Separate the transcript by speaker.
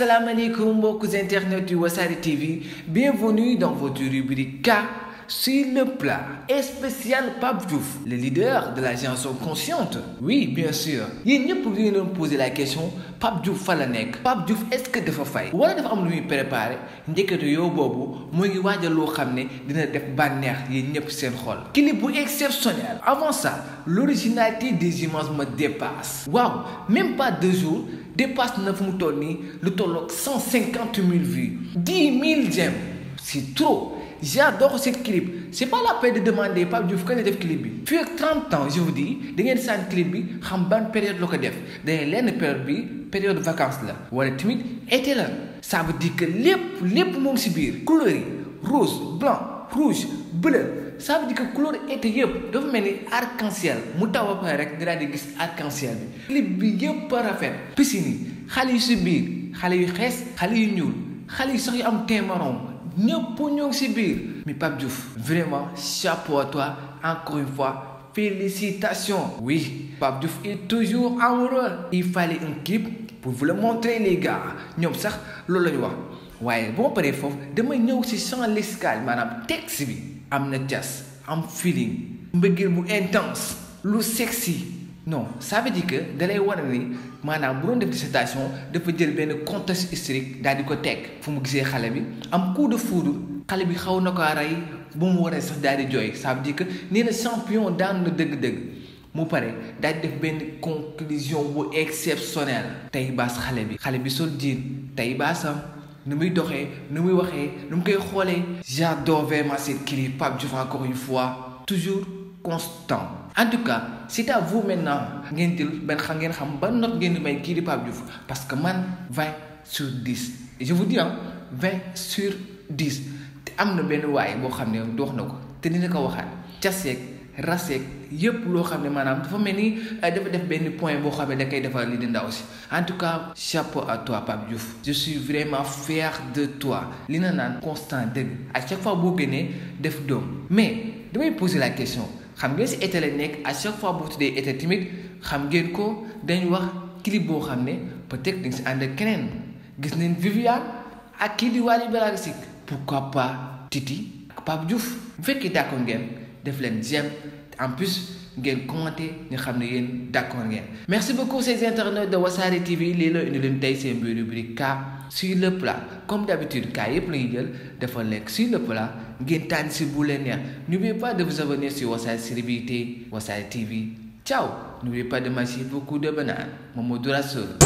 Speaker 1: Assalamu alaikum, beaucoup internautes du Wassari TV. Bienvenue dans votre rubrique K sur le plat. Et spécial Pape Diouf, le leader de la génération consciente. Oui, bien sûr. yéen ñëpp ngi nous poser la question Pape Diouf fa Pape Diouf est-ce que dafa fay. wala dafa am lu préparer. préparé ndekete yow boobu mu ngi waajal loo faire ne dina def bànneex yéen ñëpp seen xol. clip exceptionnel. avant ça l'originalité des images me dépasse. Waouh même pas deux jours dépasse 9, moutons, le le 150 150 vues 10 000 j'aime c'est trop j'adore cette clip c'est pas la peine de demander pas du fait clip bi 30 ans je vous dis da ngeen un clip bi xam ban période de def a période de vacances ça veut dire que les, les moom rose blanc rouge bleu ça veut dire que couleur été yëpp dafa mel ni arc-en-ciel mu taw ba rek nga di gis arc-en-ciel bi. clip bi yëpp a rafet. piscine yi xale yu si biir xale yu xees xale yu ñuul xale sax yu am teint marron ñëpp ñoo ngi si biir. mi Diouf vraiment chapeau à toi encore une fois félicitations. oui pap Diouf est toujours amoureux. il fallait un clip pour vous le montrer les gars ñoom sax loolu la ñu wax waaye boo paree foofu dama ñëw si sans lexical maanaam texte bi. am na jazz am feeling mbëggeel bu intense lu sexy no ça veut dire que dalay wane ni maanaam bu doon def dissertation dafa jël benn contexte historique daal di ko teg fu mu gisee xale bi am coup de foudre xale bi xaw na ko rey bu mu waree sax daal di jooy ça veut dire que nee na champion daan na dëgg-dëgg mu pare daal di def benn conclusion bu exceptionnelle tey baas xale bi xale bi sol jiin tey Nous nous doxee nous nous nous nous koy j'adore vraiment cette clip encore une fois toujours constant en tout cas c'est à vous maintenant de ben xam vous note parce que man 20 sur 10 et je vous dis hein, 20 sur 10 am ne raseeg yépp loo xam ne maanaam dafa mel ni euh, dafa def benn point boo xam ne da koy defal li di ndaw si en tout cas chapeau à toi Pape Diouf je suis vraiment fier de toi li na naan constant dëgg à chaque fois boo génnee def doom mais damay poser la question xam ngeen si été la nekk à chaque fois boo tuddee été timide xam ngeen ko dañ wax clip boo xam ne peut-être dañ si ànd ak keneen gis neen Viviane ak kii di Wally Ballago pourquoi pas Titi ak Pape Diouf bu fekkee d'accord ngeen def leen j'aime en plus ngeen commenté ñu xam ne yéen d'accord ngeen merci beaucoup ces internautes de Wassare TV lii la indi leen tey seen biir rubrique cas sur le plat comme d'habitude cas yépp la ñuy jël dafa sur le plat ngeen tànn si bu leen neex n'oubliez pas de vous abonner sur Wassare Célébrité Wassare TV ciao n'oubliez pas de mâcher beaucoup de bananes Mamadou Rassoul